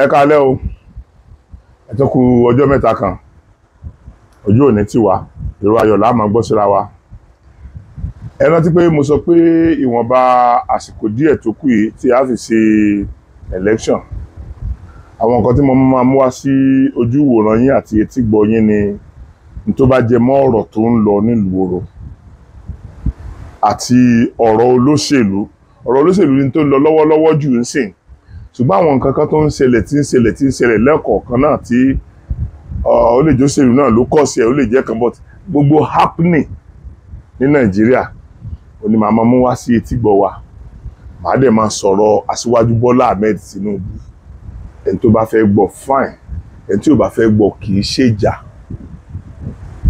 ẹ kalẹ́ o ẹ tó kù ọjọ́ mẹ́ta kan ojú òní ti wá èrò ayọ̀ la máa gbọ́ wa ẹ rántí pé mo sọ pé ìwọ̀nba àsìkò díẹ̀ tó kù yìí tí a fi ṣe election àwọn nǹkan tí mo máa mú wá sí ojú ìwòran yín àti etí gbọ́ yín ni tó bá jẹ mọ́ ọ̀rọ̀ tó ń lọ nílùú oro àti ọ̀rọ̀ olóṣèlú ọ̀rọ̀ olóṣèlú ni tó ń lọ lọ́wọ́lọ́wọ́ jù ń sìn ṣùgbọ́n àwọn nǹkan kan tó ń ṣẹlẹ̀ tí ń ṣẹlẹ̀ tí ń ṣẹlẹ̀ lẹ́kọ̀ọ̀kan náà tí ó lè jóṣèlú náà ló kọ̀ sí ẹ̀ ó lè jẹ́ kan but gbogbo happening ní nàìjíríà ó ní màmá mú wá sí etí gbọ́ wa màá dẹ̀ máa sọ̀rọ̀ aṣíwájú bọ́lá ahmed tinubu ẹni tó bá fẹ́ gbọ́ fine ẹni tí ò bá fẹ́ gbọ́ kì í ṣèjà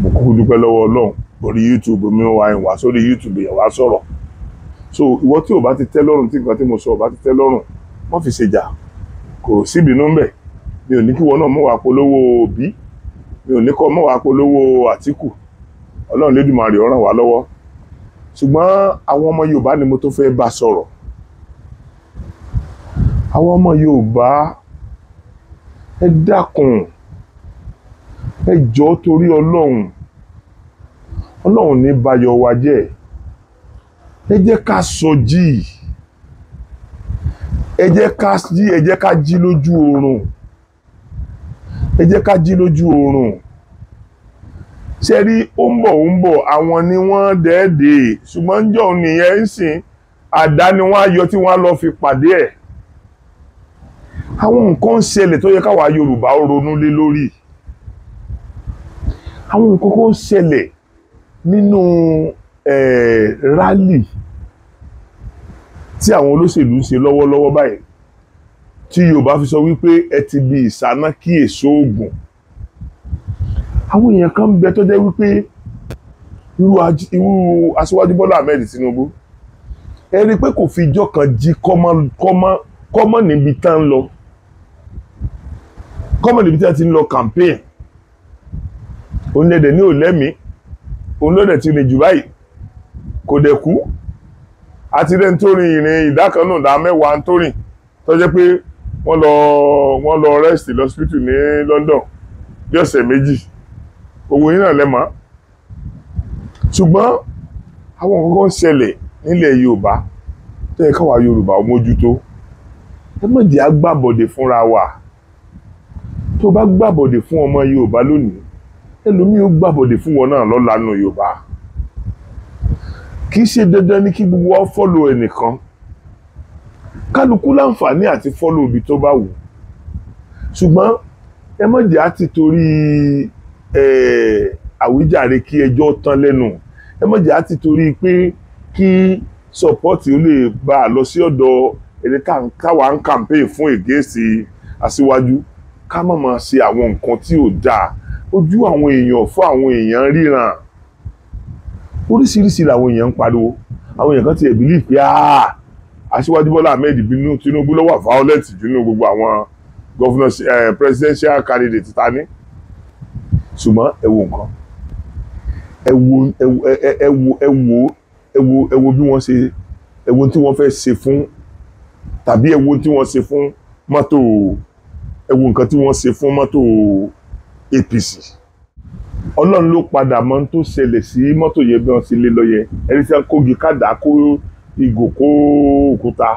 mo kúkú dúpẹ́ lọ́wọ́ ọlọ́run orí youtube mi wá ìwà sórí youtube yẹn wá sọ̀rọ̀ so ìwọ tí ò bá ti tẹ́ lọ́rùn tí nǹkan tí mo sọ ò bá ti tẹ́ lọ́rùn wọ́n fi ṣèjà kò síbínú ńbẹ̀ mi ò ní kí wọn náà mọ̀ wá polówó òbí mi ò ní kọ́ mọ̀ wá polówó àtìkù ọlọ́run lédùmarè ó ràn wá lọ́wọ́ ṣùgbọ́n àwọn ọmọ yorùbá ni mo tó fẹ́ bá sọ̀rọ̀ àwọn ọmọ yorùbá ẹ dákun ẹ jọ torí ọlọ́run ọlọ́run ní bayọ̀ wa ẹ jẹ́ ká sọ jíì. ẹ jẹ́ ká jí ẹ lójú oorun ká oorun ṣe rí ó ń ni wọ́n dẹ́ẹ̀dẹ́ ṣùgbọ́n ń jọ nìyẹn ń ni wọ́n ayọ yọ tí wọ́n lọ fi pàdé ẹ̀ àwọn nǹkan ń ṣẹlẹ̀ tó yẹ káwa Yorùbá ronú lé lórí àwọn nǹkan tí àwọn olóṣèlú ń ṣe lọ́wọ́lọ́wọ́ báyìí tí Yorùbá fi sọ wípé ẹ ti bi ìsáná kí èso oògùn àwọn èèyàn kan bẹ tó jẹ́ wípé irú aṣíwájú Bọ́lá Ahmed Tinubu ẹ rí i pé kò fi ijọ́ kan jí kọ́mọ́ níbi tá ń lọ kọ́mọ̀ níbi tí a ti ń lọ campaign òun lẹ́dẹ̀ ní òlẹ́mí òun lọ́dẹ̀ ti rìn jù báyìí kò dẹ̀ kú àti rẹ̀ ń tórin ìrìn ìdákanù dá mẹ́wàá ń tórin tó jẹ́ pé wọ́n lọ wọ́n lọ rest lọ́sípítù ní London bí ọ̀sẹ̀ méjì owó yín náà lẹ́mọ́ ṣùgbọ́n àwọn nǹkan ṣẹlẹ̀ nílẹ̀ Yorùbá tó yẹ káwa Yorùbá mójútó ẹ má jẹ́ agbábọ̀dé fúnra wa tó bá gbàbọ̀dé fún ọmọ Yorùbá lónìí ẹlòmíì ó gbàbọ̀dé fún wọn náà lọ́lanu Yorùbá kì í ṣe dandan ní kí gbogbo wa fọ́lò ẹnìkan kálukú láǹfààní àti fọ́lò ibi tó bá wù ṣùgbọ́n ẹ má jẹ́ á ti torí àwíjàre kí ẹjọ́ tán lẹ́nu ẹ má jẹ́ á ti torí pé kí sọpọ́ọ̀tì ó lè bá a lọ sí ọ̀dọ̀ ẹni táwa ń campaign fún ègéèsì aṣíwájú ká má máa ṣe àwọn nǹkan tí ò dáa ojú àwọn èèyàn fún àwọn èèyàn ríran oríṣiríṣi làwọn èèyàn ń pariwo àwọn èèyàn kan ti ẹ̀ believe pé ah, aṣíwájú bọ́lá ahmed tinubu ló wà violent jù nínú gbogbo àwọn governors eh, presidential candidate ta ní ṣùgbọ́n ẹ wo nǹkan ẹ wo ẹ wo ẹ wo ẹ wo ẹ wo bí wọ́n ṣe ẹ wo tí wọ́n fẹ́ ṣe fún tàbí ẹ wo tí wọ́n ṣe fún mọ́tò ẹ wo nǹkan tí wọ́n ṣe fún mọ́tò APC ọlọ́run ló padà mọ tó ṣẹlẹ̀ sí mọ́tò yẹn bí wọ́n ti lé lọ yẹn ẹni tí wọ́n kógi kádà kó ìgò kó òkúta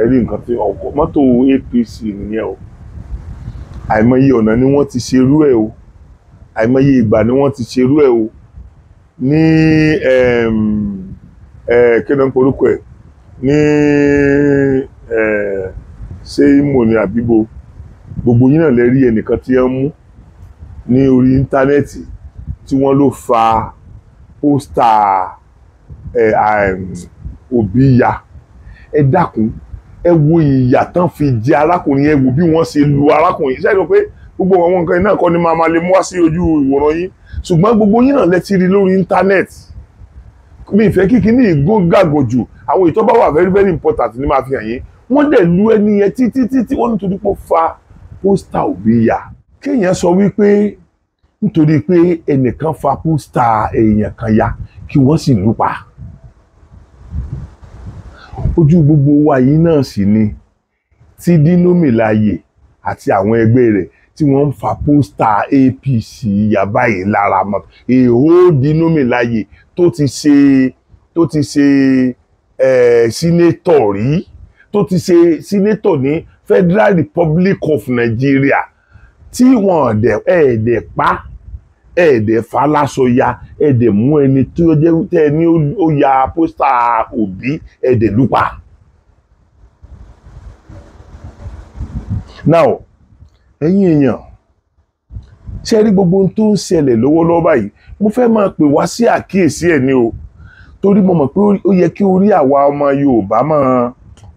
ẹ̀rí nǹkan tí ọkọ̀ mọ́tò APC nìyẹn o àìmọye ọ̀nà ni wọ́n ti ṣerú ẹ̀ o àìmọye ìgbà ni wọ́n ti ṣerú ẹ̀ o ní kíni ń porúkọ ẹ̀ ní ṣé Imo ni àbíbo gbogbo yín náà lè rí ẹnìkan tí ẹ mú ní orí íńtánẹ́ẹ̀tì tí wọ́n ló fa pósítà òbí ya ẹ dákun ẹ wo ìyà tán fi jẹ arákùnrin ẹ wo bí wọ́n ṣe lu arákùnrin ṣáà pé gbogbo àwọn nǹkan iná kọ́ ni màá lè mú wá sí ojú ìwòran yín ṣùgbọ́n gbogbo yín náà lẹ rí lórí íńtánẹ́ẹ̀tì mi ìfẹ́ kíkí ní ìgógàgò jù àwọn ìtọ́ bá wà very very important ni máa fi hàn yín wọ́n dẹ̀ lu ẹni yẹn títí títí wọ́n nítorí pé ó fa pósítà òbí ya kéèyàn sọ wípé nítorí pé ẹnìkan fapú sta èèyàn kan ya kí wọ́n sì lù pa ojú gbogbo wa yìí náà sì ni tí Dino Melaye àti àwọn ẹgbẹ́ rẹ̀ tí wọ́n ń fa pósítà APC yà báyìí lára mọ́ èhó Dino Melaye tó ti ṣe tó ti ṣe ẹ̀ sínétọ̀ rí tó ti ṣe sínétọ̀ ní Federal Republic of Nigeria tí wọ́n ẹ̀ẹ́dẹ̀ pa ẹ̀ẹ́dẹ̀ falasoya ẹ̀ẹ́dẹ̀ mú ẹni tí ó jẹ́ tẹ́ ẹni ó ya pósítà òbí ẹ̀ẹ́dẹ̀ lùpà. now ẹ̀yin èèyàn ṣe rí gbogbo ohun tó ń ṣẹlẹ̀ lọ́wọ́lọ́wọ́ báyìí mo fẹ́ máa pè wá sí àkíyèsí ẹ̀ ní o torí mo mọ̀ pé ó yẹ kí orí àwa ọmọ Yorùbá máa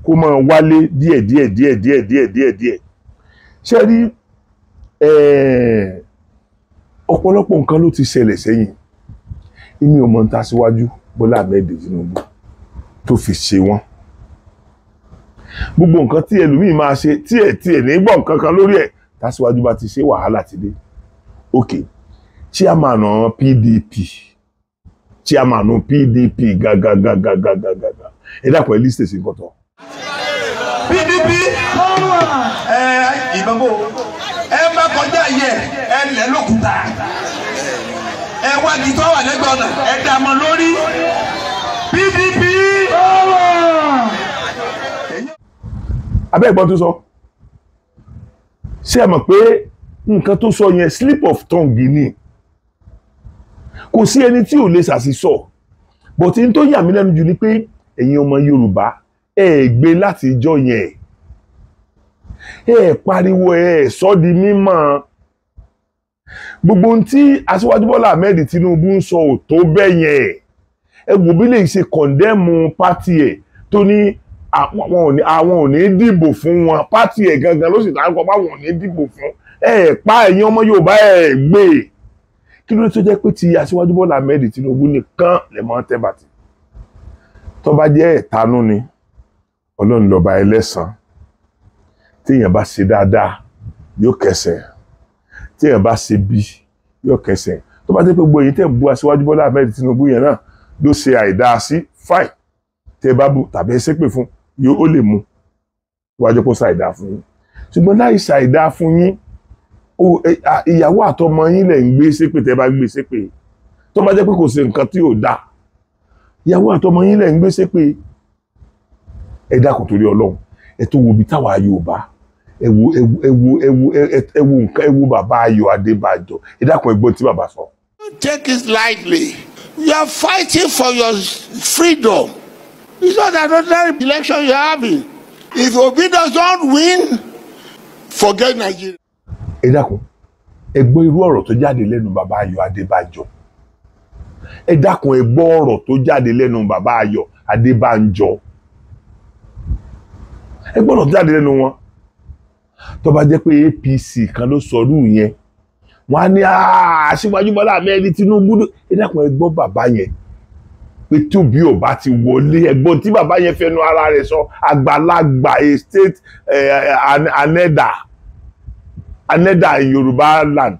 kó máa wálé díẹ̀ díẹ̀ díẹ̀ díẹ̀ díẹ̀ rí ẹ̀ẹ́ ọ̀pọ̀lọpọ̀ nǹkan ló ti ṣẹlẹ̀ sẹ́yìn èmi ò mọ̀ ń tasíwájú Bọ́lá Ahmed Tinubu tó fi ṣe wọ́n gbogbo nǹkan tí ẹlòmíì máa ṣe tíẹ̀ tíẹ̀ ní gbọ́ nǹkan kan lórí ẹ̀ tasíwájú bá ti ṣe wàhálà ti dé ok chairman ọ̀ràn PDP chairman PDP gàgàgàgàgàgàgà ẹ dàpọ̀ ẹ lísítẹ̀ sí nǹkan tó. PDP ẹ ìbọn bò ẹ bá kọjá yẹ ẹlẹ́ lókùúta ẹ wá gitọ́ wà lẹ́gbẹ̀ẹ́ ọ̀nà ẹ dà mọ́ lórí PDP. abẹ́ ìgbọ́n tó sọ ṣé ẹ mọ̀ pé nǹkan tó sọ yẹn slip of tongue ni kò sí ẹni tí ò lè ṣàṣìṣọ bọ̀tí tó yà mí lẹ́nu jù ni pé ẹ̀yin ọmọ Yorùbá ẹ gbé láti ìjọ yẹn ẹ pariwo ẹ sọ di mímọ̀ gbogbo ohun tí aṣíwájú bọ́lá ahmed tinubu ń sọ ò tó bẹ́ẹ̀ yẹn ẹ wò bí lè ṣe kọ̀ndẹ́mù pátì ẹ̀ tó ní àwọn ò ní dìbò fún wọn pátì ẹ̀ gangan ló sì dárúkọ báwọn ò ní dìbò fún ẹ̀ pa ẹ̀yin ọmọ yorùbá ẹ̀ gbé e. kí ló tó jẹ́ pé ti aṣíwájú bọ́lá ahmed tinubu nìkan lè mọ́ tẹ́ bàtì tó bá jẹ́ ẹ̀tanú ni ọlọ́run lọ́ba ẹlẹ́sàn-án téèyàn bá ṣe dáadáa yóò kẹsẹ̀ tí èèyàn bá ṣe bí yóò kẹsẹ̀ tó bá jẹ́ pé gbogbo èyí tẹ̀ bú aṣíwájú Bọ́lá Ahmed Tinubu yẹn náà ló ṣe àìdáa sí fine tẹ́ bá bú tàbí ẹsẹ̀ pè fún yóò ó lè mú wájú kó ṣàìdáa fún yín ṣùgbọ́n láì ṣàìdáa fún yín ìyàwó àtọmọ yín lẹ̀ ń gbé ṣépè tẹ́ bá gbé ṣépè tó bá jẹ́ pé kò ṣe nǹkan tí ò dáa ìyàwó àtọmọ yín lẹ̀ ń gbé ṣépè ẹ dákun torí Ọlọ́run ẹ tó wo ibi táwa Yorùbá ewu ewu ewu ewu e, e, ewu ewu bàbá Ayọ̀ Adébájọ ẹ dákun ẹ̀gbọ́n tí sọ. Don't take it lightly. You are fighting for your freedom. It's not an ordinary election you are having. If Obi does not win, forget Nigeria. ẹ dákun ẹ gbọ́ irú ọ̀rọ̀ tó jáde lẹ́nu bàbá Ayọ̀ Adébájọ ẹ dákun ẹ gbọ́ ọ̀rọ̀ tó jáde lẹ́nu bàbá Ayọ̀ Adébánjọ ẹ gbọ́ ọ̀rọ̀ tó jáde lẹ́nu wọn tó bá jẹ́ pé APC kan ló sọrú yẹn wọ́n á ní ah, aṣíwájú Bọ́lá Ahmed Tinubu ẹ dákun ẹ gbọ́ bàbá yẹn pé tóbi ò bá ti wọlé ẹ̀gbọ́n tí bàbá yẹn fẹnu ara rẹ̀ sọ àgbàlagbà estate aneda aneda in Yorùbá land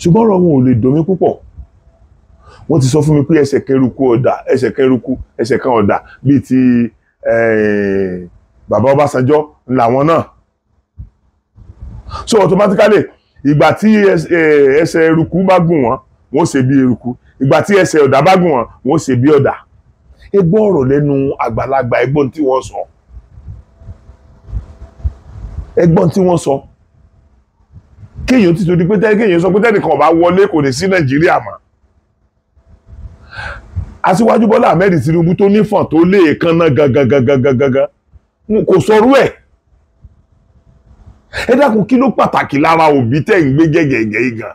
ṣùgbọ́n ọ̀rọ̀ wọn ò lè domi púpọ̀ wọ́n ti sọ fún mi pé ẹsẹ̀ kẹrùkú ọ̀dà ẹsẹ̀ kẹrùkú ẹsẹ̀ kan ọ̀dà bíi ti bàbá Ọbásanjọ́ làwọn náà so automatically ìgbà tí ẹsẹ̀ eruku bá gùn wọ́n wọ́n ṣe bí eruku ìgbà tí ẹsẹ̀ ọ̀dà bá gùn wọ́n wọ́n ṣe bí ọ̀dà ẹ gbọ́ ọ̀rọ̀ lẹ́nu àgbàlagbà ẹ gbọ́ ohun tí wọ́n sọ ẹ gbọ́ ohun tí wọ́n sọ kéèyàn ti torí pé kéèyàn sọ pé tẹ́nìkan bá wọlé kò ní sí nàìjíríà mọ́ aṣíwájú bọ́lá ahmed tinubu tó nífọ̀n tó lé èékánná gangan gangan gangan kò sọrú ẹ̀ ẹ dákun kí ló pàtàkì lára òbí tẹ̀ ń gbé gẹ́gẹ́gẹ́ igan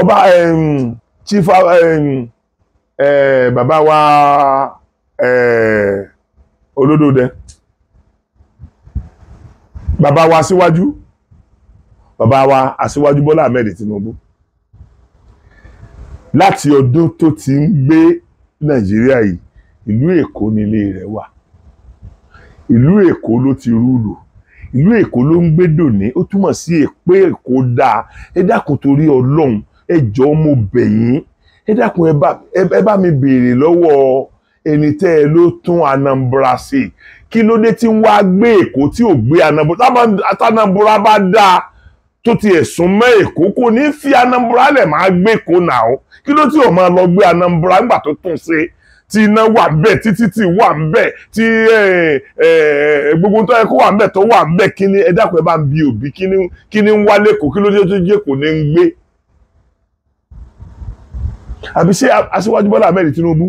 ọba chief bàbá wa olódò dẹ Baba wa síwájú Baba wa aṣíwájú Bọ́lá Ahmed Tinubu láti ọdún tó ti ń gbé Nàìjíríà yìí ìlú Èkó nílé rẹ̀ wà ìlú èkó ló ti rúlù ìlú èkó ló ń gbé dòní ó túmọ̀ sí èpè èkó dáa ẹ dákun torí ọlọ́run ẹ jọ mo bẹ̀ yín ẹ dákun ẹ bá mi béèrè lọ́wọ́ ẹni tẹ́ ẹ ló tún Anambra ṣe kí ló dé tí wàá gbé èkó tí ò gbé Anambra tábànàbùrà bá dáa tó ti ẹ̀sùn mọ́ èkó kò ní fi Anambra lẹ̀ máa gbé èkó náà kí ló tí ò máa lọ gbé Anambra nígbà tó tún ṣe tí iná wà ń bẹ̀ tí títì wà ń bẹ̀ tí eh, eh, gbogbo tó yẹ kó wà ń bẹ̀ tó wà ń bẹ̀ kí ni ẹ dákun ẹ bá ń bi òbí kí ni ń wá lẹ́kọ̀ọ́ kí ló dé tó jẹ́ kò ní ń gbé. àbí ṣé aṣíwájú Bọ́lá Ahmed Tinubu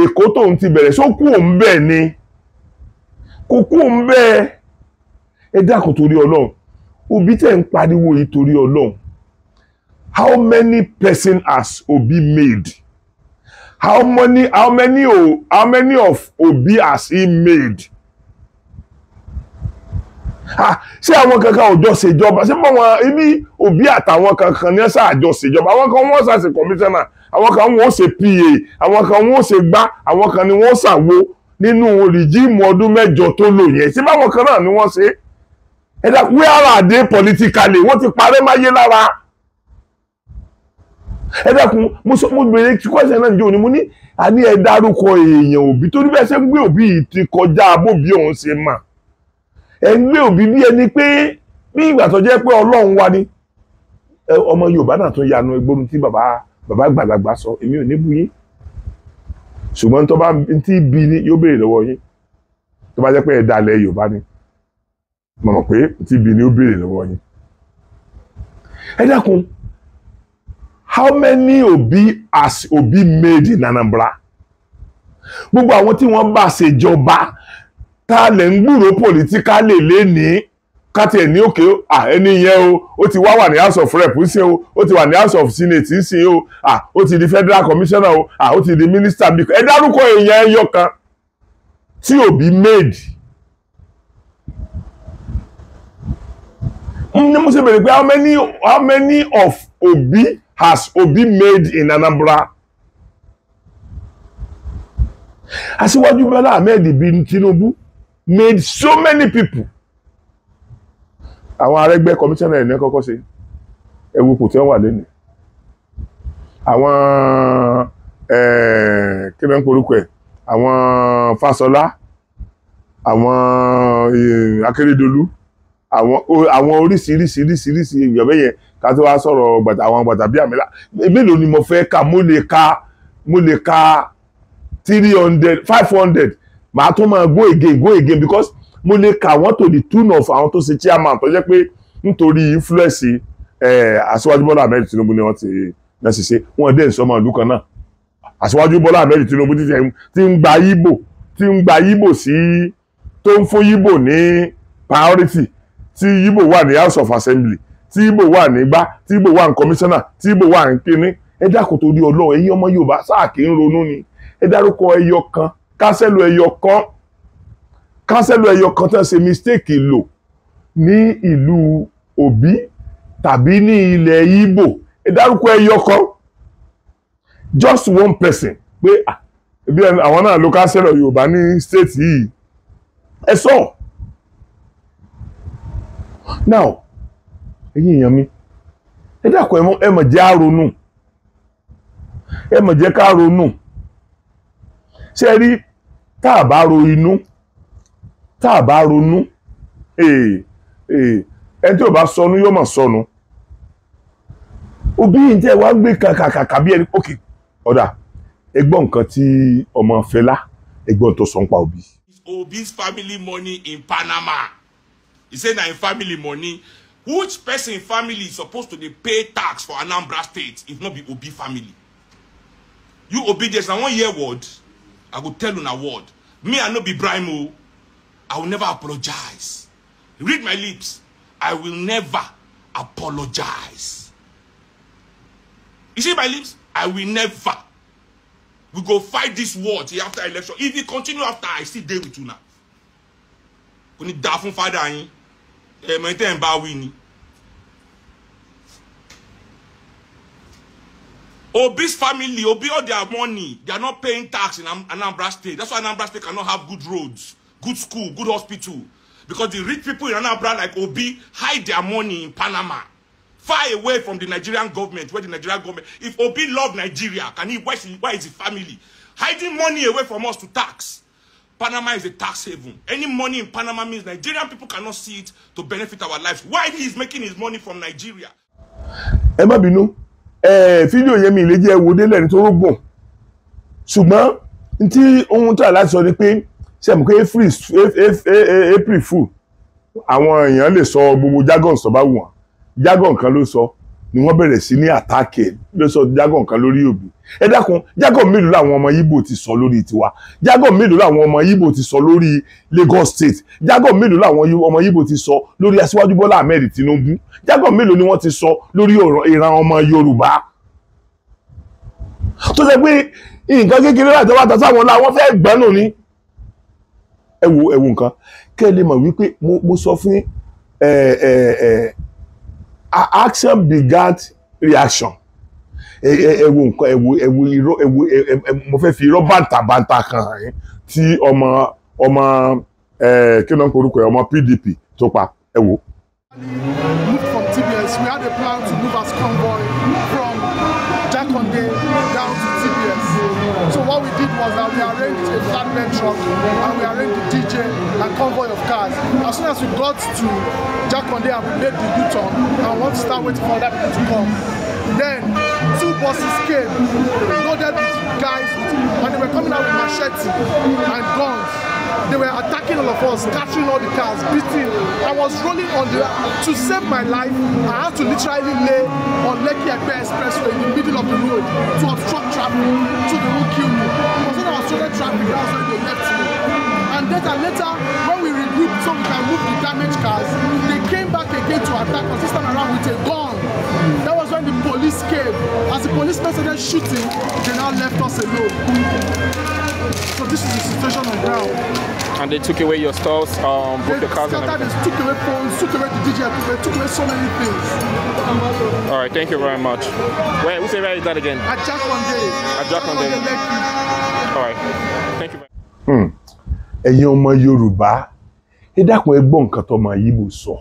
Èkó tóun ti bẹ̀rẹ̀ só kú òun bẹ́ẹ̀ ni kò kú òun bẹ́ẹ̀ ẹ dákun torí Ọlọ́run òbí tẹ̀ ń pariwo yìí torí Ọlọ́run how many person has Obi made? How many, how many, how many of Obi has he made? See, I ṣé to kankan ò jọ ṣèjọba ṣé mọ wọn ibi Obi àtàwọn kankan ní ẹsẹ àjọ ṣèjọba àwọn kan wọn ṣàṣe kọmíṣánná àwọn kan wọn ó ṣe PA àwọn kan wọn ó ṣe gbá àwọn kan ni wọn ó ṣàwo nínú rìjíìmù ọdún mẹ́jọ tó lò yẹn ṣé báwọn kan náà ni wọn ṣe ẹ where are they politically wọn ti parẹ́ máyé lára ẹ dákun mo sọ mo bèrè kwẹsẹ náà níjọ ni mo ní àní ẹ dárúkọ èèyàn òbí torí bẹ́ẹ̀ ṣe ń gbé òbí yìí ti kọjá abóbi ọ̀hún ṣe mà ẹ ń gbé òbí bí ẹni pé bí ìgbà tó jẹ́ pé ọlọ́run wa ni ọmọ yorùbá náà tún yanu egbóni tí bàbá bàbá gbàgbàgbà sọ èmi ò ní bu yín ṣùgbọ́n tó bá ti bí ni yóò béèrè lọ́wọ́ yín tó bá jẹ́ pé ẹ dalẹ̀ yorùbá ni mọ̀ pé ti bí ni yóò béèrè lọ́wọ́ yín ẹ dákun how many Obi has Obi made in Anambra gbogbo àwọn tí wọ́n bá ṣèjọba tá a lè ń gbúrò politically lè ní káti ẹ̀ ní òkè ẹni yẹn o ó ti wá wà ní house of rep ń sìn o ó ti wà ní house of senate ń sìn o ó ti di federal commissioner o ó ti di minister bí ẹ dárúkọ èèyàn ẹyọ kan tí Obi made ní mo ṣe béèrè pé how many how many of Obi has Obi made in Anambra? I Asiwaju Bola Ahmed bin Tinubu made so many people. Àwọn arẹgbẹ́ kọmíṣánná ẹ̀ní kọ́kọ́ ṣe ẹ̀wù kò tẹ́ wà lẹ́nu. Àwọn kí ló ń porúkọ ẹ̀ àwọn Fáṣọlá àwọn Akérédolú àwọn oríṣiríṣiríṣiríṣi ìyọ̀bẹ ká tó wá sọ̀rọ̀ gbàtà àwọn gbàtà bíi àmìlà mélòó ni mo fẹ́ ka mo lè ka mo lè ka three hundred five hundred màá tún máa go again go again because mo lè ka wọ́n tó the tune of àwọn tó ṣe chairman tó jẹ́ pé nítorí influence aṣíwájú bọ́lá ahmed tinubu ni wọ́n ti náà sì ṣe wọ́n dẹ̀ ń sọmọ ìlú kan náà aṣíwájú bọ́lá ahmed tinubu ti ń gba yíbò ti ń gba yíbò sí tó ń fún yíbò ní priority tí yíbò wà ní house of assembly tí ibo wà nígbà tí ibo wà ní kọmíṣánná tí ibo wà ní kínní ẹ dákun torí ọlọ́run ẹ̀yin ọmọ yorùbá sáà kì í ronú ni ẹ dárúkọ ẹyọ kan kánsẹ́lù ẹyọ kan kánsẹ́lù ẹyọ kan tán ṣe mistake lò ní ìlú òbí tàbí ní ilẹ̀ ibo ẹ dárúkọ ẹyọ kan just one person pé bí àwọn náà ló kánsẹ́lù yorùbá ní state yìí ẹ sọ now ẹ̀yin èèyàn mi ẹ dákun ẹ mọ̀ jẹ́ àrònú ẹ mọ̀ jẹ́ ká ronú ṣe rí tá a bá ro inú tá a bá ronú ẹ tí ò bá sọnù yóò mọ̀ sọnù òbí yìí jẹ́ wá gbé kàkàkà bí ẹni pókè ọ̀dà ẹgbọ́n nǹkan tí ọmọ Fẹlá ẹgbọ́n tó sọ ń pa òbí. Obi's family money in Panama he say na im family money which person family is supposed to pay tax for anambra state if not be obi family you obi there's na one year word i will tell you una word me i no be brime i will never apologize read my lips i will never apologize you see my lips i will never we go fight this war till after election if you continue after i still dey with una kò ní dáa fún fada ẹ̀mọ́ tẹ́ ń bá wí ni. Obi's family, Obi all their money, they are not paying tax in Anambra State. That's why Anambra State cannot have good roads, good school, good hospital. Because the rich people in Anambra like Obi hide their money in Panama. Far away from the Nigerian government, where the Nigerian government, if Obi love Nigeria, can he, Why is, where is his family? Hiding money away from us to tax. Panama is a tax haven. Any money in Panama means Nigerian people cannot see it to benefit our lives. Why he is making his money from Nigeria? Ẹ má eh video yẹn mi lè jẹ́ ewo délẹ̀ nítorí gbọ̀n. Ṣùgbọ́n ntí ohun tó à láti sọ ni pé ṣe mú pé April Fool àwọn èèyàn lè sọ gbogbo jargon sọ bá wù wọ́n. Jargon kan ló sọ ni wọ́n bẹ̀rẹ̀ sí ní àtàkì ẹ̀ ló sọ jágọ̀ kan lórí òbí ẹ dákun jágọ̀ mélòó làwọn ọmọ Ìgbò ti sọ lórí tiwa jágọ̀ mélòó làwọn ọmọ Ìgbò ti sọ lórí Lagos State jágọ̀ mélòó làwọn ọmọ Ìgbò ti sọ lórí Aṣíwájú Bọ́lá Ahmed Tinubu jágọ̀ mélòó ni wọ́n ti sọ lórí ìran ọmọ Yorùbá tó ṣe pé nǹkan kékeré láti wá tán sáwọn làwọn fẹ́ gbẹ́nu ni ẹ wo ẹ wo nǹkan kẹ́ ẹ lè mọ̀ wípé mo sọ fún action begat reaction ẹwù nǹkan ẹwù ẹwù irọ́ ẹwù mo fẹ́ fi irọ́ bàǹtàbàǹtà kan hàn yín tí ọmọ ọmọ kí ló ń korúkọ ọmọ PDP tó pa We Move from TBS, we had a plan to move as convoy second day down to TBS. So what we did was that we arranged a flatbed truck and we arranged a DJ and convoy of cars. As soon as we got to Jakonde and we made the U-turn and want to start waiting for other people to come, then two buses came loaded with guys and they were coming out with machetes and guns. They were attacking all of us, catching all the cars, beating. I was rolling on the to save my life. I had to literally lay on Lekki Epe Expressway in the middle of the road to obstruct traffic so they won't kill me. Because when I was running traffic, that's when they left me. And later, later, when we regrouped so we can move the damaged cars, they came back again to attack us. This time policemen started shooting, they now left us alone. So this is the situation on ground. And they took away your stores, um, broke the cars and everything? They took away phones, took away the DJ equipment, took away so many things. All right, thank you very much. Where, who say where is that again? At Jack one day. At Jack one day. All right, thank you. Hmm. Ẹ̀yin ọmọ Yorùbá ẹ dákun ẹ gbọ́ nǹkan tọmọ yìí bò sọ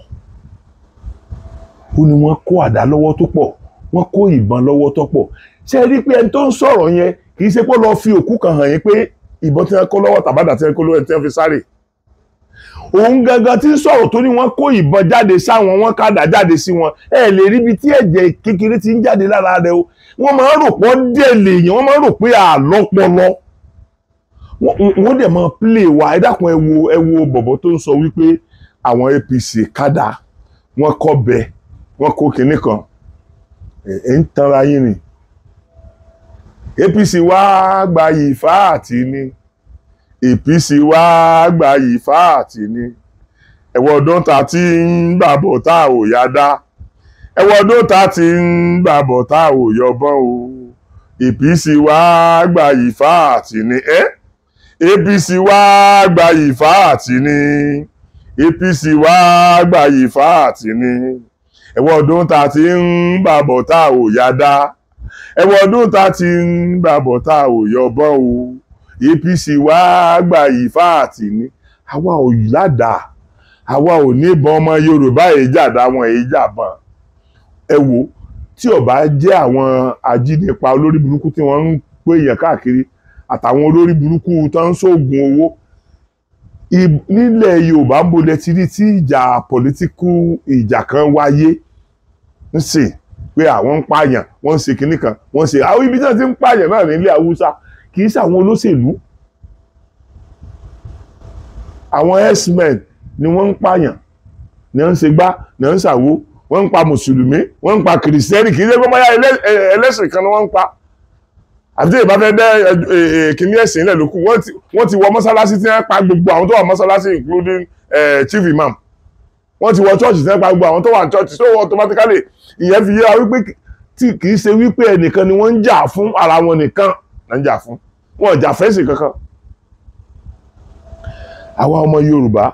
ó ní wọ́n kó àdá lọ́wọ́ tó pọ̀ wọ́n kó ìbọn lọ́wọ́ tọ́pọ̀ ṣé ẹ rí pé ẹni tó ń sọ̀rọ̀ yẹn kì í ṣe pé lọ́ọ́ fi òkú kan hàn yín pé ìbọn tí wọ́n kó lọ́wọ́ tàbádà tí wọ́n kó lọ́wọ́ tí wọ́n fi sáré òun gangan tí ń sọ̀rọ̀ tó ní wọ́n kó ìbọn jáde sáwọn wọ́n kàdà jáde sí wọn ẹ lè rí ibi tí ẹ̀jẹ̀ kékeré ti ń jáde lára rẹ o wọ́n máa ń rò pọ́ délé yẹn wọ́n máa ń rò pé àlọ́pọ̀lọ́ wọ́n dẹ̀ máa pílè wa ẹ dákun ẹ wo ẹ wo bọ̀bọ̀ tó ń sọ wípé àwọn APC kádà wọ́n kọ́ bẹ wọ́n kó kinní kan ẹ ń tanra yín ni APC wá gbayì fáàtì ni APC wá gbayì fáàtì ni ẹ̀wọ̀ ọdún ta ti ń gbàbọ̀ tá a ò yá dá ẹ̀wọ̀ ọdún ta ti ń gbàbọ̀ tá a ò yọbọ́n o APC wá gbayì fáàtì ni ẹ́ APC wá gbayì fáàtì ni APC wá gbayì fáàtì ni. ẹ̀wọ́ ọdún tá a ti ń bàbọ̀ tá a ò yá dá ẹ̀wọ́ ọdún tá ti ń bàbọ̀ tá a ò yọbọ́n o APC e wá gbà yìí fáàtì ni àwa ò ládàá àwa ò níbọn ọmọ Yorùbá èjà dáwọn èjà bàn ẹ wo tí ó bá jẹ́ àwọn ajínipa olórí burúkú tí wọ́n ń pè yàn káàkiri àtàwọn olórí burúkú tó ń ṣoògùn owó nílẹ̀ yorùbá ń bolẹ̀ ti rí tí ìjà pọ̀lítíkù ìjà kan wáyé ń sè pé àwọn ń pààyàn wọ́n ń ṣe kinní kan wọ́n ń ṣe àwọn ibi tí wọ́n ti ń pààyàn náà nílẹ̀ haúsá kì í ṣàwọn olóṣèlú àwọn herdsmen ni wọ́n ń pààyàn ni wọ́n ń ṣe gbá ni wọ́n ń ṣàwo wọ́n ń pa mùsùlùmí wọ́n ń pa kìrìsìtẹ́nì kì í ṣe pé bóyá ẹlẹ́sìn kan ni wọ́n ń pa àti ìbá fẹ́ dẹ́ kìnìún ẹ̀sìn ilẹ̀ lókù wọ́n ti wọ mọ́sálásí tí wọ́n pa gbogbo àwọn tó wà mọ́sálásí including chief imam wọ́n ti wọ church tí wọ́n pa gbogbo àwọn tó wà ní church so automatically ìyẹn fi yé wípé tí kì ṣe wípé ẹnìkan ni wọ́n ń jà fún ara wọn nìkan náà ń jà fún wọn ò jà fẹ́sìn kankan. àwa ọmọ Yorùbá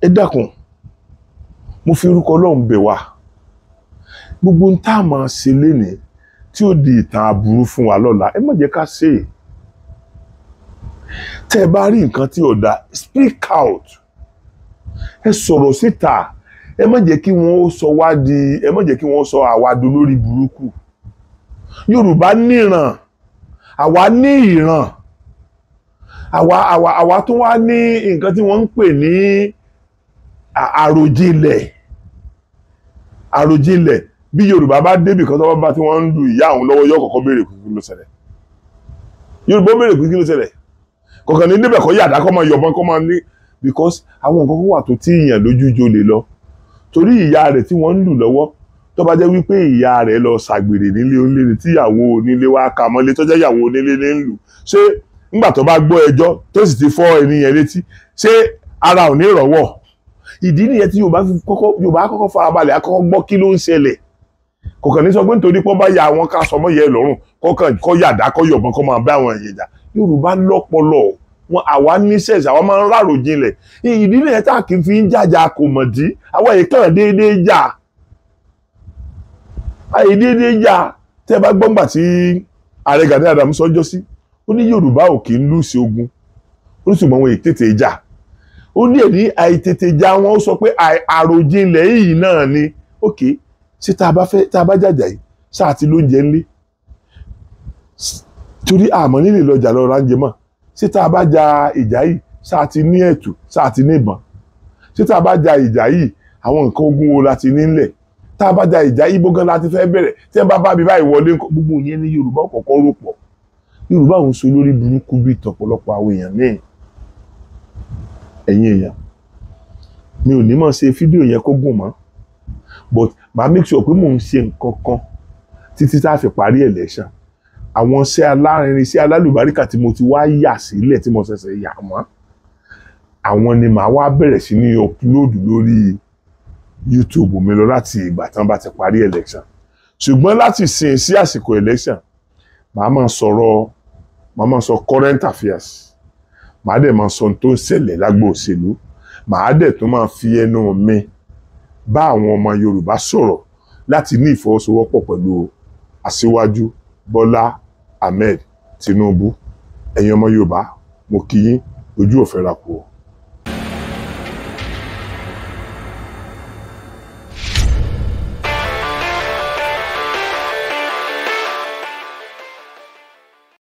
ẹ dákun mo fi orúkọ Ọlọ́run bẹ̀ wá gbogbo ń tá a máa ṣe lénìí tí ó di ìtàn aburú fún wa lọ́la ẹ má jẹ́ ká ṣe é tẹ́ ẹ bá rí nǹkan tí ò da speak out ẹ sọ̀rọ̀ síta ẹ má jẹ́ kí wọ́n sọ wá di ẹ má jẹ́ kí wọ́n sọ àwa do lórí burúkú Yorùbá níran àwa ní ìran àwa àwa àwa tó wá ní nǹkan tí wọ́n ń pè ní àròjinlẹ̀ àròjinlẹ̀ bí yorùbá bá débì kan tó bá tí wọ́n ń lu ìyá àwọn lọ́wọ́ yóò kọ́kọ́ béèrè kí ló ṣẹlẹ̀ yorùbá ó béèrè kí ló ṣẹlẹ̀ kọ̀ọ̀kan ní débẹ̀ kọ́ yàdá kọ́ máa yọ̀bọ̀n kọ́ máa ní because àwọn nǹkan kan wà tó tí ìyàn lójú jo lè lọ torí ìyá rẹ̀ tí wọ́n ń lù lọ́wọ́ tó bá jẹ́ wípé ìyá rẹ̀ lọ ṣàgbèrè nílé onílé tíyàwó onílé wá ka mọ́lé tó jẹ́ ìyàwó onílé ní ń lù ṣé nígbà tó bá gbọ́ ẹjọ́ tó sì ti fọ́ ènìyàn létí ṣé ara ò ní rọ̀wọ̀ ìdí nìyẹn tí yorùbá kọ́kọ́ farabalẹ̀ akọ́kọ́ gbọ́ kí ló ń ṣẹlẹ̀ kò kàn ní sọ pé nítorí pé bá ya àwọn ká sọmọ yẹ lọ́rùn kó kàn kó yàdá kó yọ̀bọ̀n kó máa bá àwọn èèyàn jà Yorùbá lọ́pọlọ wọn àwa ní sẹ́ẹ̀sì àwa máa ń rárò jinlẹ̀ ìdílé ẹ̀ tá kì í fi ń jàjà kò mọ̀ dí àwa yìí kàn déédéé jà àyè déédéé jà tẹ́ bá gbọ́ngbà tí ààrẹ Gani Adams sọ́jọ́ sí ó ní Yorùbá ò kì í lùsì ogun ó sì mọ àwọn ètètè jà ó ní èdè àìtètè jà wọn ó sọ pé àròjinlẹ̀ yìí náà ni ókè okay sí tá a bá fẹ́ tá a bá jàjà yìí sáà ti lóúnjẹ ńlé torí àmọ́ nílé lọ́jà lọ ránjẹ mọ́ sí tá a bá ja ìjà yìí sáà ti ní ẹ̀tù sáà ti ní ìbọn sí tá a bá ja ìjà yìí àwọn nǹkan ogun wo la ti ní ńlẹ̀ tá a bá ja ìjà yìí bógan la ti fẹ́ bẹ̀rẹ̀ tí ẹ bá bá mi báyìí wọlé gbogbo yẹn ní Yorùbá kọ̀ọ̀kan rò pọ̀ Yorùbá òun so lórí burúkú bíi tọ̀pọ̀lọpọ̀ àwọn èèyàn míì ẹ̀yin èèyàn mi ò ní mọ̀ ṣe fídíò yẹn kó gùn mọ́ but màá make sure pé mò ń ṣe nǹkan kan títí tá a fi parí election àwọn iṣẹ́ alárinrin iṣẹ́ alálùbáríkà tí mo ti wá yà sílẹ̀ tí mo ṣẹ̀ṣẹ̀ yà mọ́ àwọn ni màá wá bẹ̀rẹ̀ sí ní upload lórí YouTube mi lọ láti ìgbà tán bá ti parí election ṣùgbọ́n láti sìn sí àsìkò election màá máa sọ̀rọ̀ màá máa sọ current affairs màá dẹ̀ máa sọ ohun tó ń ṣẹlẹ̀ lágbo màá dẹ̀ tó máa fi ẹnu mi bá àwọn ọmọ Yorùbá sọ̀rọ̀ láti ní ìfọwọ́sowọ́pọ̀ pẹ̀lú aṣíwájú Bọ́lá Ahmed Tinubu ẹ̀yin ọmọ Yorùbá mo kí yín ojú òfẹ́ ràpọ̀